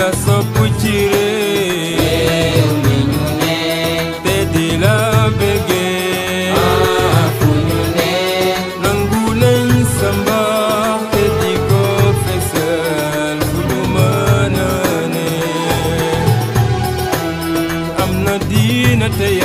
la sopp ci réew mi ñu ne te di la bëggee ah, fu ñu ne nangu nañ sa te di ko fesal fu ñu mën a ne am na diina tey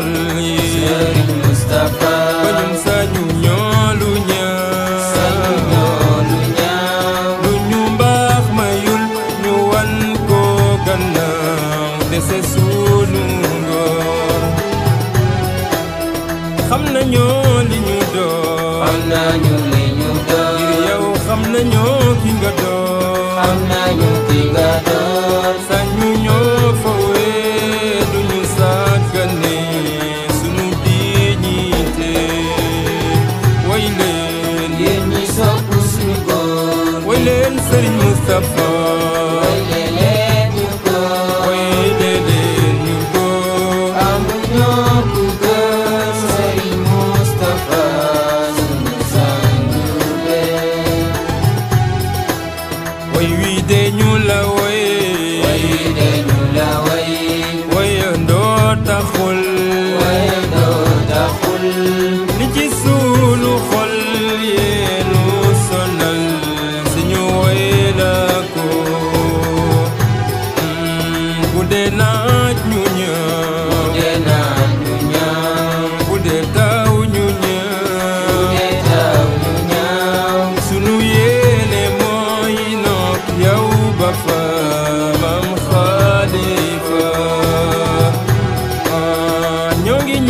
خلي سير المصطفى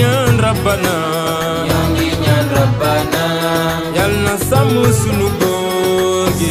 ñaan rabbana ñoo ngi ñaan rabbana yal na sàmm sunu góor gi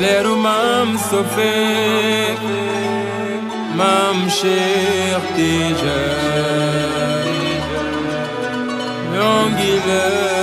leeru maam Sofeek maam Cheikh Tijaan ñoo